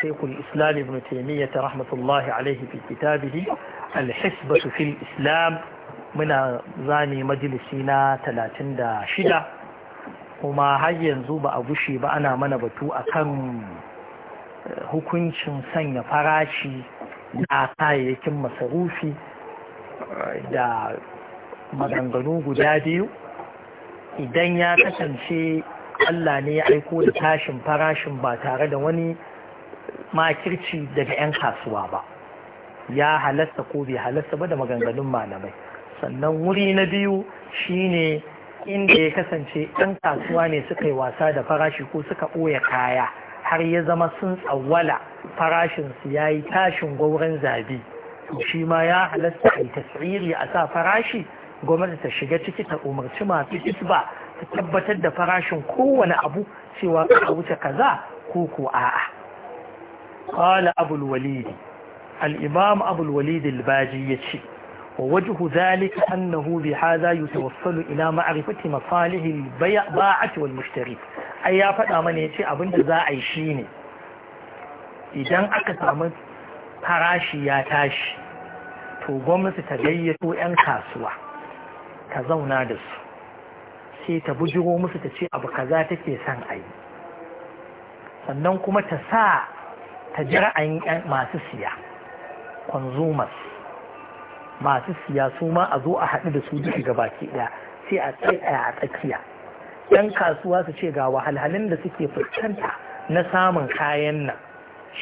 شيخ الإسلام ابن تيمية رحمة الله عليه في كتابه الحسبة في الإسلام من زاني مجلسنا تلاتين دا شدة وما هاي ينزوب أبوشي بأنا من بتو أكم hukuncin sanya farashi na kayayyakin masarufi da maganganu guda biyu idan ya kasance Allah ne ya aiko da tashin farashin ba tare da wani makirci daga 'yan kasuwa ba ya halasta ko bai halasta ba da maganganun malamai sannan wuri na biyu shine inda ya kasance 'yan kasuwa ne suka yi wasa da farashi ko suka ɓoye kaya har ya zama sun tsawwala farashinsu ya yi tashin gauran zabi shi ma ya halasta a yi tasiri a sa farashi gwamnati ta shiga ciki ta umarci masu isba ta tabbatar da farashin kowane abu cewa ka wuce kaza ko ko a'a قال أبو الوليد الإمام أبو الوليد الباجي يشي ووجه ذلك أنه بهذا يتوصل إلى معرفة مصالح البيع باعة والمشتري أي فدا من يشي أبن ذا عيشيني إذن أكثر farashi ya tashi to gwamnati ta gayyato 'yan kasuwa ta zauna da su sai ta bujiro musu ta ce abu kaza take son a yi sannan kuma ta sa ta ji ra'ayin masu siya consumers masu siya su ma a zo a haɗu da su duka gabaki ɗaya sai a tsaye a tsakiya yan kasuwa su ce ga wahalhalin da suke fuskanta na samun kayan nan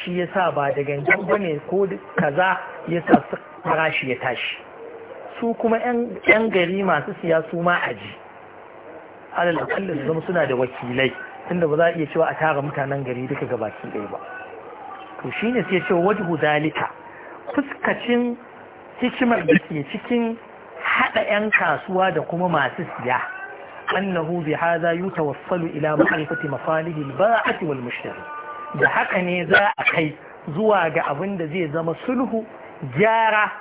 shi ya sa ba da gangan ba ne ko kaza ya sa su farashi ya tashi su kuma yan gari masu siya su ma aji alal kallon su zama suna da wakilai tunda ba za a iya cewa a tara mutanen gari duka gabaki ɗaya ba to ne sai ce wajhu zalika fuskacin hikimar da ke cikin haɗa yan kasuwa da kuma masu siya annahu bi ila ma'rifati masalihi wal mushtari da haka ne za a kai zuwa ga abin da zai zama sulhu gyara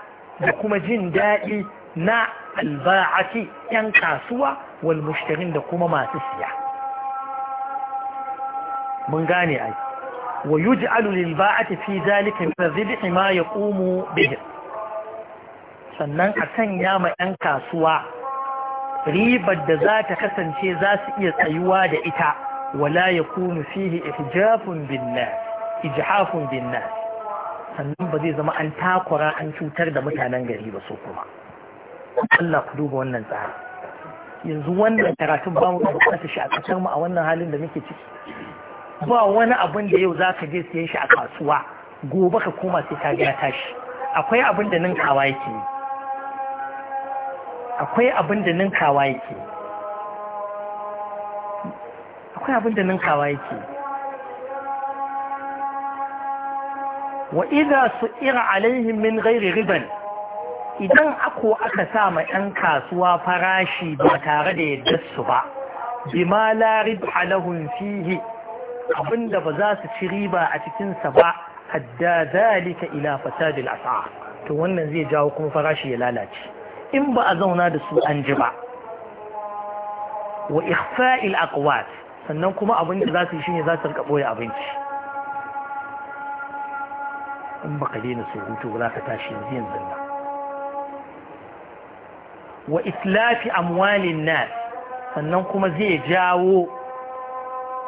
da kuma jin daɗi na alba'ati 'yan kasuwa wal mushtarin da kuma masu siya mun gane ai ويجعل للباعة في ذلك من الربح ما يقوم به sannan a sanya ma 'yan kasuwa ribar da za ta kasance za su iya tsayuwa da ita wala ya kunu fihi ihjafun binnas sannan ba zai zama an takura an cutar da mutanen gari ba so kuma Allah ku duba wannan tsari yanzu wannan karatun ba mu da shi a kasar mu a wannan halin da muke ciki ba wani abin da yau za ka je siyan shi a kasuwa gobe ka koma sai ka ga tashi akwai abin da ninkawa yake akwai abin da ninkawa yake akwai abin da ninkawa yake wa idza su'ira alaihim min ghairi riban idan ako aka sa ma ɗan kasuwa farashi ba tare da yadda su ba bima la ribha lahum fihi abinda ba za su ci riba a cikinsa ba hadda zalika ila fasadil as'a to wannan zai jawo kuma farashi ya lalace in ba a zauna da su an ji ba wa ikhfa'il aqwat sannan kuma abin da za su yi shine za su rika boye abinci in baka daina surutu ba za ka tashi yanzu yanzu nan wa islafi amwalin nas sannan kuma zai jawo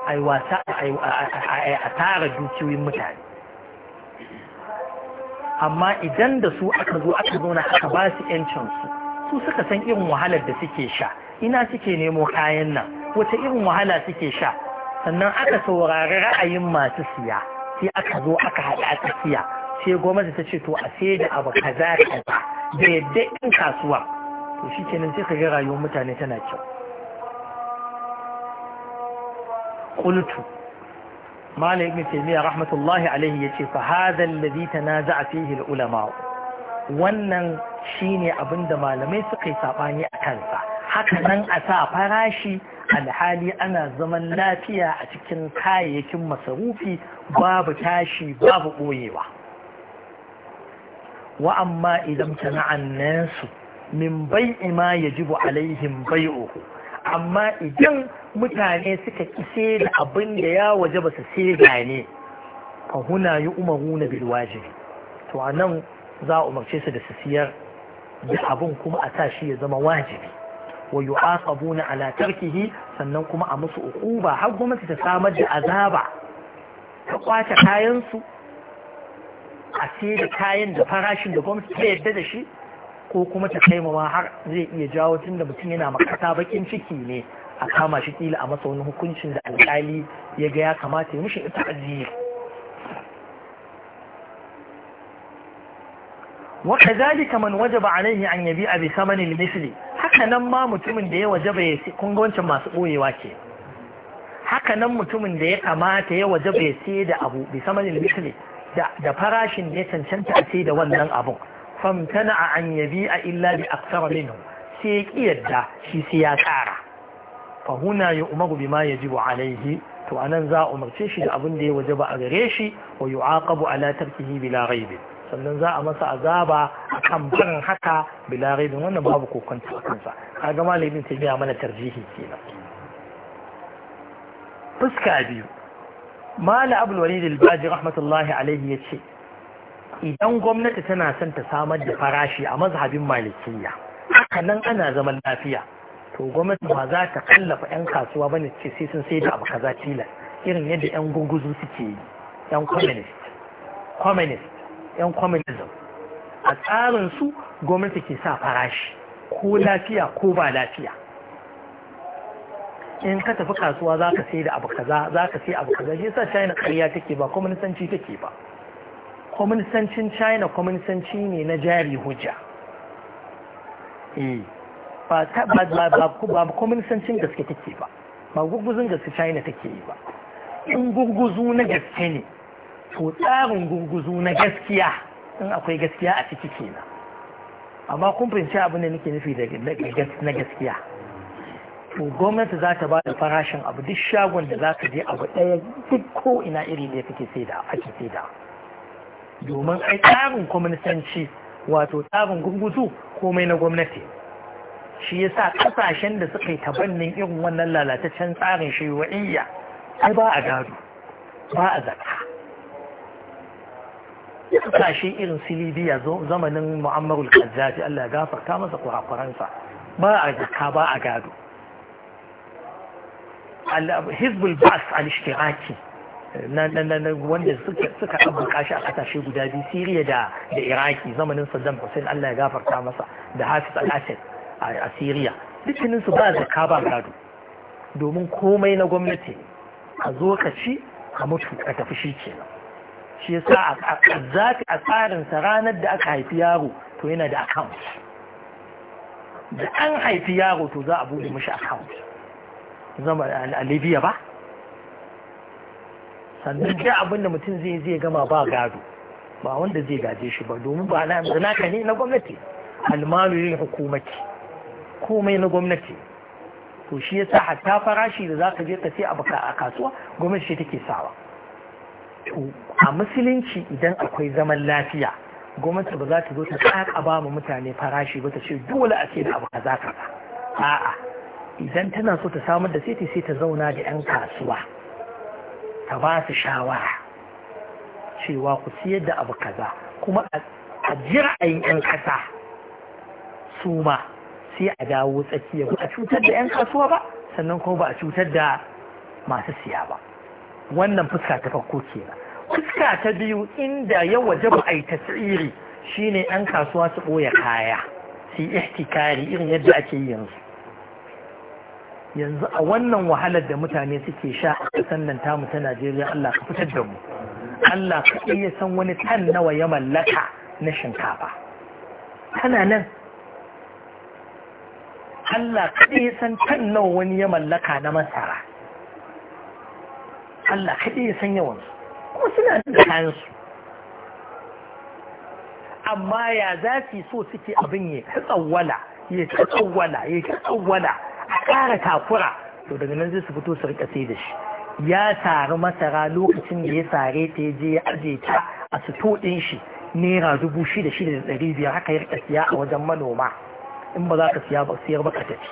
a a tara dukiyoyin mutane amma idan da su aka zo aka na aka ba su yancinsu su suka san irin wahalar da suke sha ina suke nemo kayan nan wata irin wahala suke sha sannan aka saurari ra'ayin masu siya sai aka zo aka haɗa a tafiya sai gwamnati ta ce to a sai da abu kaza kaza da yadda in kasuwa to shi kenan sai ka ga rayuwar mutane tana kyau qultu malam ibn taymiya rahmatullahi alaihi yace fa hadha alladhi tanaza'a fihi ulama wannan shine abinda malamai suka yi sabani a kansa haka nan a sa farashi alhali ana zaman lafiya a cikin kayayyakin masarufi babu tashi babu ɓoyewa wa amma idan tana'an nasu min bai'i ma yajibu alaihim bai'uhu amma idan mutane suka kise da abin da ya waje ba su sai ne a huna yi umaru na bilwaje to a nan za a umarce su da su siyar da abin kuma a sa shi ya zama wajibi wa yu'aqabuna na alatarkihi sannan kuma a musu Ba har gwamnati ta samar da azaba ta kwace kayansu a sai da kayan da farashin da gwamnati ta yadda da shi ko kuma ta kai ma har zai iya jawo tun da mutum yana makata bakin ciki ne a kama shi kila a masa wani hukuncin da alkali ya ga ya kamata ya mishi ita ajiye wa kadhalika man wajaba alaihi an yabi abi thamanin misli haka nan ma mutumin da ya wajaba ya kun ga masu boyewa ke haka nan mutumin da ya kamata ya wajaba ya sai da abu bi thamanin misli da farashin da ya cancanta a sai da wannan abun famtana a an yabi a illa bi aksara minhu sai iyadda yadda shi sai ya Fahunaye fa huna ya umaru bi yajibu alaihi to anan za a umarce shi da abin da ya waje ba a gare shi wa yu'aqabu ala tarkihi bila ghaibi sannan za a masa azaba akan faran haka bila ghaibin wannan babu kokonta a kansa kaga malamin sai ya mana tarjihi kenan fuska biyu mala abul walid al-baji rahmatullahi alaihi yace idan gwamnati tana son ta samar da farashi a mazhabin malikiya haka nan ana zaman lafiya to gwamnati ba za ta kallafa 'yan kasuwa bane ce sai sun sai da abu kaza tilas irin yadda 'yan gurguzu suke yi 'yan communist communist 'yan communism a tsarin su gwamnati ke sa farashi ko lafiya ko ba lafiya in ka tafi kasuwa za ka sai da abu kaza za ka sai abu kaza shi yasa china karya take ba communistanci take ba kwaminsancin china kwaminsanci ne na jari hujja eh. ba kwaminsancin gaske take ba ba gurguzun gaske china take yi ba in gurguzu na gaske ne to tsarin gurguzu na gaskiya in akwai gaskiya a ciki kenan amma kun fahimci abin da nake nufi na gaskiya to gwamnati za ta ba da farashin abu duk shagon da za ta je abu ɗaya duk ko ina iri ne take sai ake sai domin ai tsarin kwaminisanci wato tsarin gurguzu komai na gwamnati shi ya sa kasashen da suka yi tabannin irin wannan lalataccen tsarin shaiwa'iyya ai ba a gado ba a zaka shi irin Silibiya zamanin mu'ammarul kazzafi allah gafarta masa kurakuransa ba a zata ba a gado hizbul bas al-ishtiraki wanda suka abuka shi a kasashe guda biyu siriya da iraki zamanin saddam hussein allah ya gafarta masa da hafiz al-assad a siriya su ba zaka ba gado domin komai na gwamnati a zo ka ci a mutu ka tafi shi ke shi yasa a sa ranar da aka haifi yaro to yana da account da an haifi yaro to za a bude mashi account zama a libya ba sannan ke abin da mutum zai zai gama ba gado ba wanda zai gaje shi ba domin ba na naka ne na gwamnati almalu lil hukumati komai na gwamnati to shi yasa hatta farashi da za ka je ka sai abu a kasuwa gwamnati ce take sawa a musulunci idan akwai zaman lafiya gwamnati ba za ta zo ta tsaka ba mu mutane farashi ba ta ce dole a ce da abu kaza kaza a'a idan tana so ta samar da sai ta zauna da yan kasuwa ta ba su shawara cewa ku siyar da abu kaza kuma a jira'ayin 'yan kasa su ma sai a dawo tsakiya ba a cutar da 'yan kasuwa ba sannan kuma ba a cutar da masu siya ba wannan fuska ta farko ba fuska ta biyu inda yau waje ba a yi tasiri shine 'yan kasuwa su ɓoye kaya su yi ihtikari irin yadda ake yi yanzu yanzu a wannan wahalar da mutane suke sha a ƙasar nan tamu ta Najeriya Allah ka fitar da mu Allah ka iya san wani tan nawa ya mallaka na shinkafa tana nan Allah ka iya san tan nawa wani ya mallaka na masara Allah ka iya san yawan su kuma suna da kayan su amma ya za su so suke abin ya ta tsawwala ya ta tsawwala ya ta tsawwala ƙara takura to daga nan zai su fito su rika sai da shi ya sari masara lokacin da ya sare ta je ya aje ta a suto ɗin shi naira dubu shida shida da ɗari biyar haka ya rika siya a wajen manoma in ba za ka siya ba siyar ba ka tafi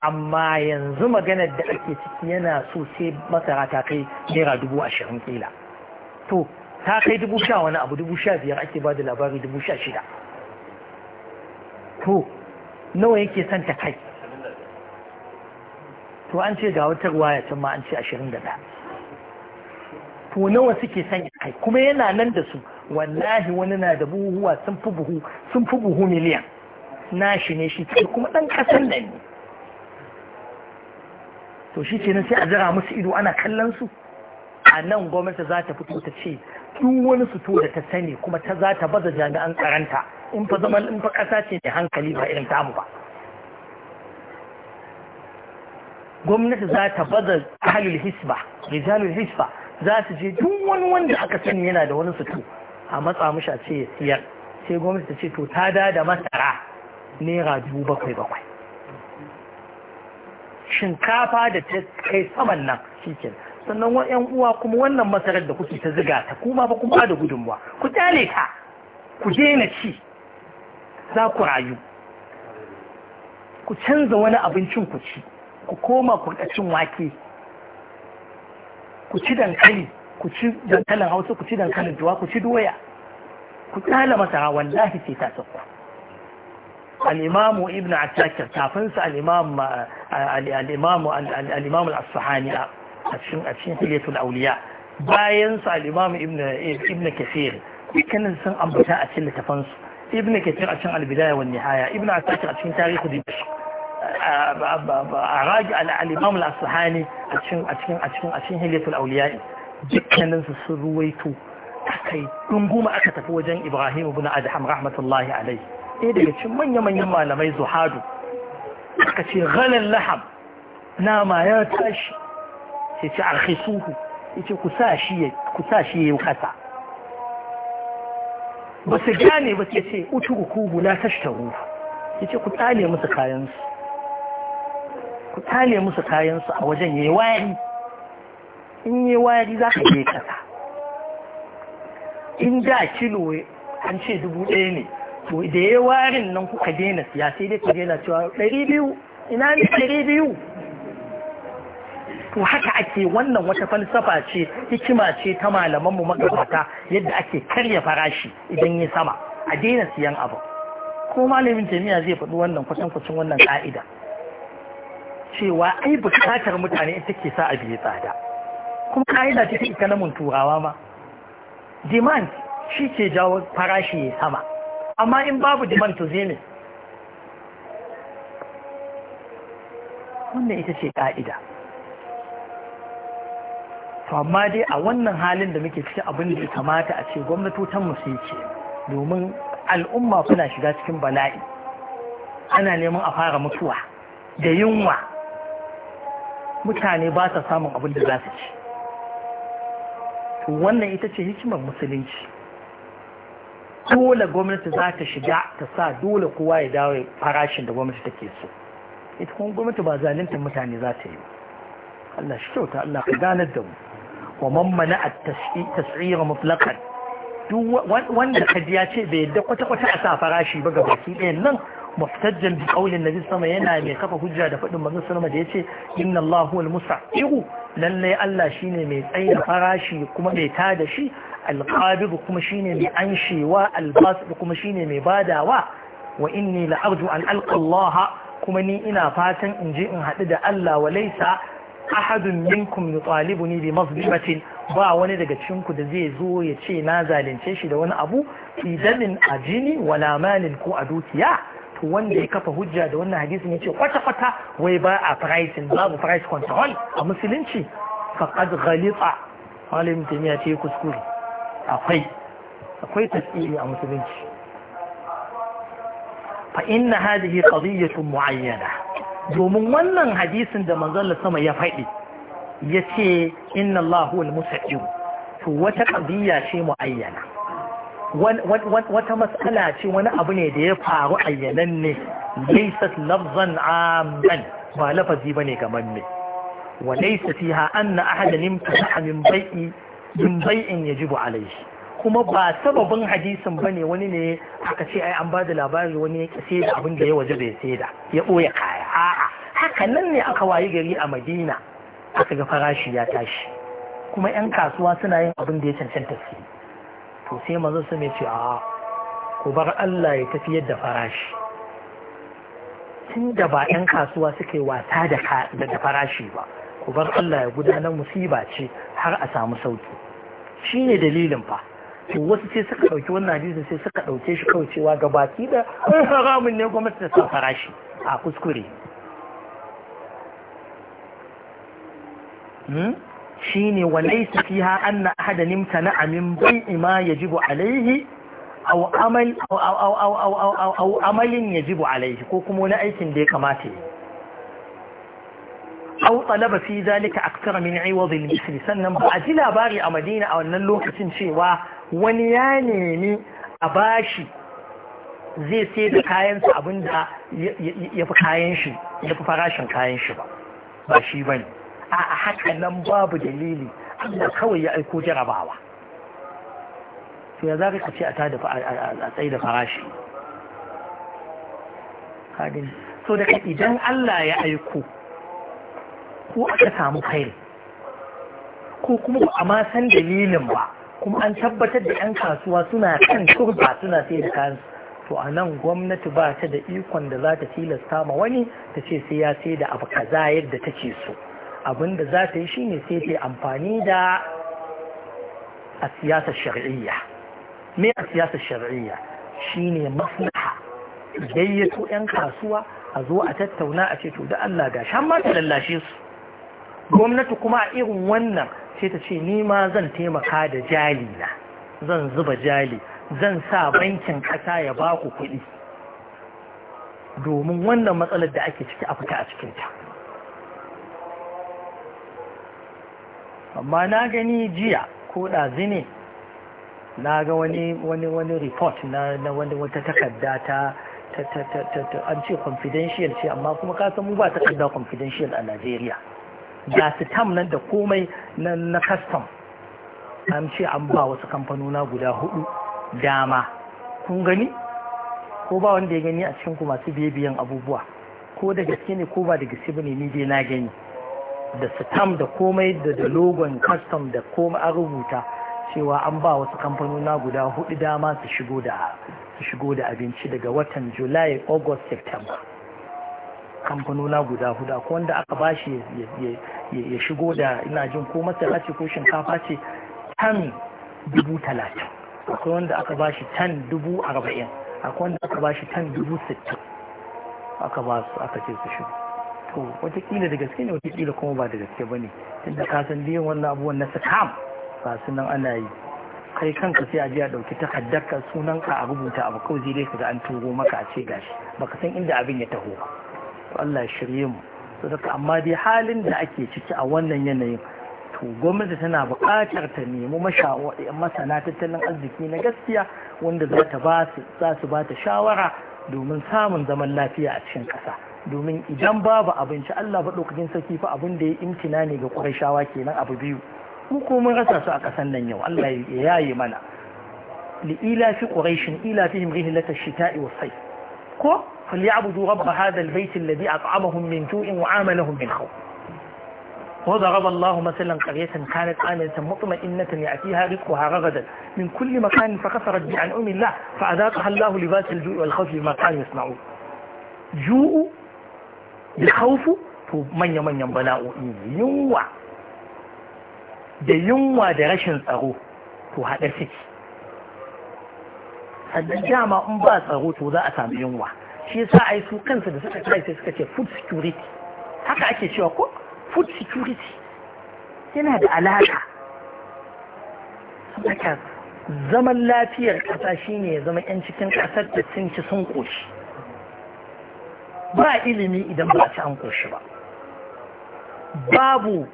amma yanzu maganar da ake ciki yana so sai masara ta kai naira dubu ashirin kila to ta kai dubu sha wani abu dubu sha biyar ake ba da labari dubu sha shida to nawa yake son ta kai to an ce ga wata ya can ma an ce ashirin da ɗaya to nawa suke sanya kai kuma yana nan da su wallahi wani na da buhuwa sun fi buhu sun fi buhu miliyan nashi ne shi kuma ɗan ƙasan da ne to shi ce sai a jira musu ido ana kallon su a nan gwamnati za ta fito ta ce duk wani fito da ta sani kuma ta za ta baza jami'an karanta, in fa zaman in fa ƙasa ce mai hankali ba irin tamu ba gwamnati za ta baza ahalul hisba rijalul hisba za su je duk wani wanda aka sani yana da wani sutu a matsa mishi a ce ya siyar sai gwamnati ta ce to ta da da masara naira dubu bakwai bakwai shinkafa da ta kai saman nan cikin, sannan 'yan uwa kuma wannan masarar da kuke ta ziga ta kuma ba kuma da gudunmuwa ku kyale ta ku daina ci za ku rayu ku canza wani abincin ku ci ku koma ku cin wake ku ci dankali ku ci dankalin hausa ku ci dankalin juwa ku ci doya ku tsala masa wallahi ce ta sauko al'imamu ibn atakir kafin sa al'imamu al al'asahani a cikin hilatul auliya bayan sa al'imamu ibn kafir dukkanin sun ambata a cikin littafansu ibn kafir a cikin albidaya wa nihaya ibn atakir a cikin tarihi dimashq على الإمام الأصحاني أتشين هلية الأولياء جكنا سرويتو أكي قنقوم أكتف وجن إبراهيم بن أدحم رحمة الله عليه إيه دقيت من يما يما لما يزحادو أكتي غل اللحم ناما يا تاش سيتي أرخصوه إيتي كساشي كساشي وكسا بس جاني بس يتي أتوكوه لا تشتغوه يتي كتالي مسكاينس ku tale musu kayansu a wajen yi wari in yi wari za ka je kasa in da kilo an ce dubu ɗaya ne to da ya warin nan kuka daina siya sai dai ku daina cewa ɗari biyu ina ne ɗari biyu to haka ake wannan wata falsafa ce hikima ce ta malamanmu magabata yadda ake karya farashi idan ya sama a daina siyan abu ko malamin jami'a zai faɗi wannan kwatankwacin wannan ƙa'ida. cewa ai bukatar mutane ita ke sa abu ya tsada kuma ka'ida ta na turawa ma demand shi ke jawo farashi ya sama amma in babu demand to zai ne wannan ita ce ka'ida to amma dai a wannan halin da muke cikin abin da ya kamata a ce gwamnatotan su ce domin al'umma suna shiga cikin bala'i ana neman a fara mutuwa da yunwa mutane ba ta samun abin da za su ci wannan ita ce hikimar musulunci dole gwamnati za ta shiga ta sa dole kowa ya dawo farashin da gwamnati take so ita kuma gwamnati ba zalunta mutane za ta yi Allah shi kyauta Allah ka ganar da mu wa mammana a at-tas'ira wanda kadiya ya ce bai yadda kwata-kwata a sa farashi ba ga baki ɗayan nan muhtajjan bi qaulin nabi sama yana mai kafa hujja da fadin manzon sallama da yace inna Allah musa musa'iru lalle Allah shine mai tsaye farashi kuma mai tada shi alqabid kuma shine mai anshewa albasid kuma shine mai badawa wa inni la arju an alqa Allah kuma ni ina fatan in je in haɗu da Allah wa laisa ahadun minkum yutalibuni da mazlimatin ba wani daga ku da zai zo ya ce na zalunce shi da wani abu idanin a jini wala malin ko a dukiya wanda ya kafa hujja da wannan hadisin ya ce kwata-kwata wai ba a pricing babu price control a musulunci faƙad ghalita malamin taimiyya ce kuskure akwai akwai tasiri a musulunci fa inna hadhihi qadiyyatun muayyana domin wannan hadisin da manzon sama ya faɗi ya ce inna Allahu al-musaddiq to wata qadiyya ce muayyana wata matsala ce wani abu ne da ya faru ayyanan ne laisat lafzan amman ba lafazi bane gaman ne wa laysa fiha anna ahadan imtana min bai'i min bai'in yajibu alayhi kuma ba sababin hadisin bane wani ne aka ce ai an ba da labari wani ya kise da abin da ya waje bai sai da ya ɓoye kaya a'a haka nan ne aka wayi gari a Madina aka ga farashi ya tashi kuma 'yan kasuwa suna yin abin da ya cancanta su to sai manzo su mai ce a ku bar Allah ya tafi yadda farashi tun da ba ɗan kasuwa suke wasa da farashi ba ku bar Allah ya gudanar musiba ce har a samu sauki shi ne dalilin fa to wasu sai suka ɗauki wannan hadisin sai suka ɗauke shi kawai cewa ga baki da haramun ne gwamnati ta sa farashi a kuskure hmm? shine wa laysa fiha anna ahadan imtana'a min bai'i ma yajibu alayhi aw amal aw aw aw aw aw aw amalin yajibu alayhi ko kuma wani aikin da ya kamata yi aw talaba fi zalika akthara min 'iwad al-misli sannan ba a ji labari a Madina a wannan lokacin cewa wani ya nemi a bashi zai sai da kayansa abinda ya fi kayan shi ya fi farashin kayan shi ba ba shi bane a haka nan babu dalili Allah kawai ya aiko jarabawa to ya zaka ce a tada a tsayi da farashi kadin so daga idan Allah ya aiko ko aka samu kai ko kuma ba a ma san dalilin ba kuma an tabbatar da 'yan kasuwa suna kan turba suna sai da kan to a nan gwamnati ba ta da ikon da za ta tilasta ma wani ta ce sai ya sai da abu kaza yadda take so abinda za ta yi shi ne sai ta amfani da a siyasar shari'iyya me a siyasar shari'iyya ne maslaha gayyato 'yan kasuwa a zo a tattauna a ce to da Allah ga shan ma ta lallashe su gwamnati kuma a irin wannan sai ta ce ni ma zan taimaka da jali na zan zuba jali zan sa bankin kasa ya baku kuɗi domin wannan matsalar da ake ciki a fita a cikinta amma na gani jiya ko ɗazi ne na ga wani wani wani report na na wani wata takarda ta ta ta ta ta ta an ce confidential ce amma kuma ka san mu ba takarda confidential a Najeriya ga sitam nan da komai na na custom an ce an ba wasu kamfanona guda hudu dama kun gani ko ba wanda ya gani a cikin ku masu biye abubuwa ko da gaske ne ko ba da gaske bane ni dai na gani da stam da komai da da logon custom da komai an rubuta cewa an ba wasu kamfanuna guda hudu dama su shigo da su shigo da abinci daga watan July August September kamfanuna guda hudu ko wanda aka bashi ya shigo da ina jin ko masara ce ko shinkafa ce tan dubu talatin akwai wanda aka bashi tan dubu arba'in akwai wanda aka bashi tan dubu sittin aka ba su aka ce su shigo to watakila da gaske ne watakila kuma ba da gaske ba ne tunda ka san biyan wannan abubuwan na sakam ba sunan ana yi kai kanka sai a ji a ɗauki takardar ka sunan ka a rubuta abu kawai zai dai ka ga an turo maka a ce gashi baka san inda abin ya taho to Allah ya shirye mu daga amma dai halin da ake ciki a wannan yanayin to gwamnati tana buƙatar ta nemi masana tattalin arziki na gaskiya wanda za ta ba su za su ba ta shawara domin samun zaman lafiya a cikin ƙasa domin idan babu abinci Allah ba baɗaukacin sarki fa abin da ya imtina ne ga ƙwarishawa kenan abu biyu mu ko mun rasa su a ƙasan nan yau Allah ya yaye mana li ila fi ƙwarishin ila fi himri hilata shita wa sai ko fal ya abudu rabba hadal baiti ladi a ƙa'amahun min tu'in wa amalahun min hau wa da raba Allah masallan ƙaryatan kanat amintan mutumar innatan ya fi ha riko ha ragadan min kulli makanin fa kasar rabbi an umin la fa a hallahu libatin ju'i wal khafi makanin yasma'u ju'u alkhawfu to manya-manyan bala'o'i ne yunwa da yunwa da rashin tsaro to haɗe suke sannan dama in ba tsaro to za a sami yunwa shi yasa ai su kansa da suka kai sai suka ce food security haka ake cewa ko food security yana da alaka zaman lafiyar ƙasa shine ya zama 'yan cikin ƙasar da sun ci sun ƙoshi ba ilimi idan ba ci an koshi ba babu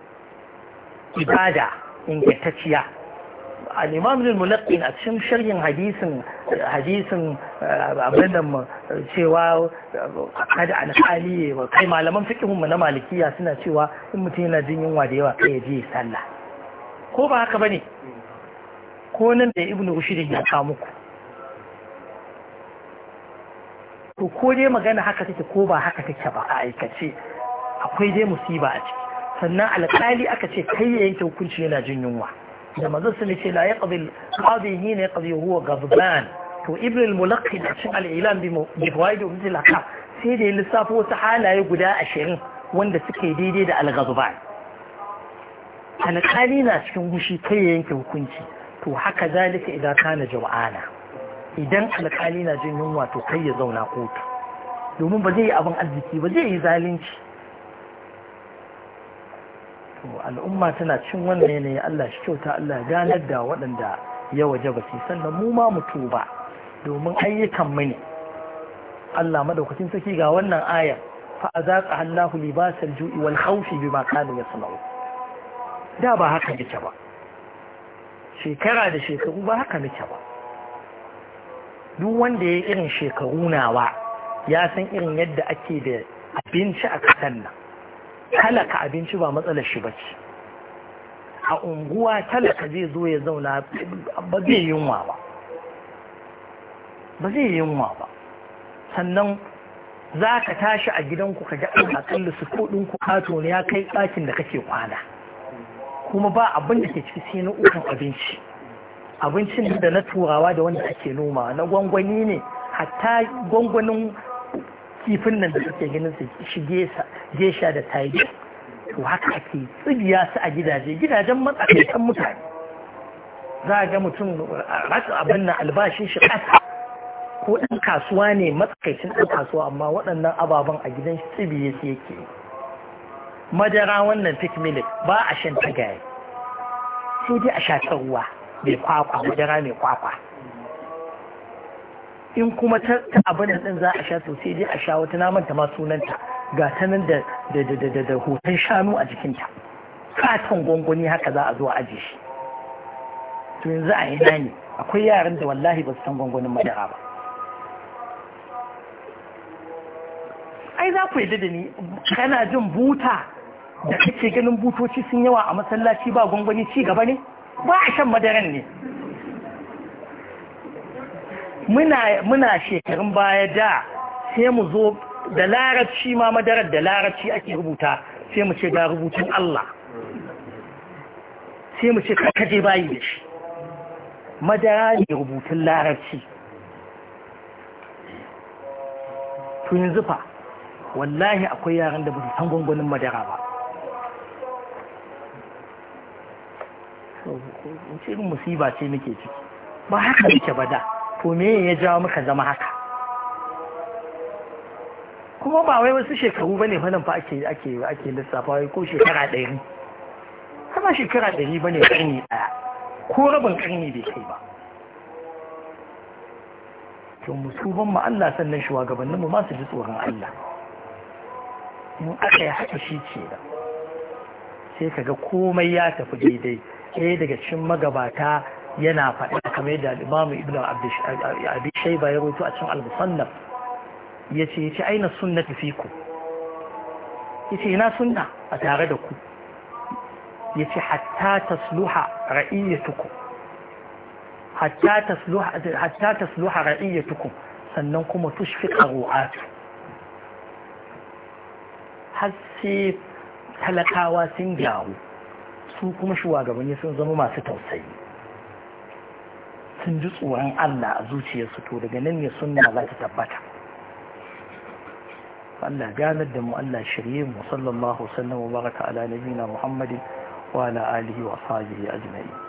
ibada ingantacciya al'imam zai mulaƙi a cikin shirgin hadisun hadisin eh, abin da cewa kada a an wa kai malaman fikinmu na malikiya suna cewa in mutum yana jin yunwa da yawa kai ya sallah ko ba haka ba ne? ko nan da ibnu rushd ya kawo muku to ko dai magana haka take ko ba haka take ba a aikace akwai dai musiba a ciki sannan alƙali aka ce kai ya yanke hukunci yana jin yunwa da manzon sun ce la yaqdi qadi hina yaqdi huwa ghadban to ibn al-mulaqqi da cin al-ilam bi biwaid al sai da ya lissafo wasu halaye guda ashirin wanda suke daidai da al-ghadban alƙali na cikin gushi kai ya yanke hukunci to haka zalika idan kana na. idan alkali na jin yunwa to kai ya zauna kotu domin ba zai yi abin arziki ba zai yi zalunci to al'umma tana cin wannan yanayi Allah shi kyauta Allah ganar da waɗanda ya waje ba sannan mu ma mutu ba domin ayyukan mu ne Allah madaukakin saki ga wannan aya fa azaqa Allahu libasal ju'i wal khawfi bima kanu yasna'u da ba haka yake ba shekara da shekaru ba haka muke ba duk wanda ya yi irin shekaru nawa ya san irin yadda ake da abinci a kasar nan talaka abinci ba matsalar shi ba ce a unguwa talaka zai zo ya zauna ba zai yunwa ba ba zai yunwa ba sannan za ka tashi a gidanku ka ga aƙalla su kodin ku kato ne ya kai ɗakin da kake kwana kuma ba abin da ke ciki sai na ukan abinci abincin da na turawa da wanda ake noma na gwangwani ne hatta gwangwanin kifin nan da suke ganin su shi gesha da tiger to haka ake tsibiya su a gidaje gidajen matsakaitan mutane za a ga mutum rasa abin na albashin shi ƙasa ko ɗan kasuwa ne matsakaicin ɗan kasuwa amma waɗannan ababen a gidan tsibiya su yake madara wannan pick millet ba a shan tagaye sai dai a sha ruwa mai kwakwa madara mai kwakwa in kuma ta abin din za a sha sosai dai a sha wata naman ta ma sunanta ga ta nan da hoton shanu a jikinta katon gwangwani haka za a zo a aje shi to yanzu a ina ne akwai yaran da wallahi ba su san gwangwanin madara ba ai za ku yi da ni kana jin buta da kake ganin butoci sun yawa a masallaci ba gwangwani ci gaba ne ba a shan madaran ne muna shekarun baya da sai mu zo da larabci ma madarar da larabci ake rubuta sai mu ce ga rubutun Allah sai mu ce kakaje bayi da shi madara ne rubutun larabci Tun zufa wallahi akwai yaran da ba su san gwangwanin madara ba wace irin musiba ce muke ciki ba haka muke ba da to me ya jawo muka zama haka kuma ba wai wasu shekaru bane fa nan fa ake ake ake lissafa wai ko shekara ɗari Kana shekara ɗari bane karni ɗaya ko rabin karni bai kai ba to musuban mu Allah sannan shugabannin mu ma su ji tsoron Allah in aka yi haka shi ce da sai kaga komai ya tafi daidai ɗaya daga cikin magabata yana faɗa kamar yadda imamu ibn abi shaiba ya rutu a cikin al-musannaf yace yace aina sunnati fiku yace ina sunna a tare da ku yace hatta tasluha ra'iyatukum hatta tasluha hatta tasluha ra'iyatukum sannan kuma tushfiqa ru'atu har sai talakawa sun gyaru su kuma shugabanni sun zama masu tausayi sun ji tsoron Allah a zuciyarsu to daga nan ne sunna za ta tabbata Allah ganar da mu Allah shirye mu sallallahu sallam wa baraka ala nabiyina Muhammadin wa ala alihi wa sahbihi ajma'in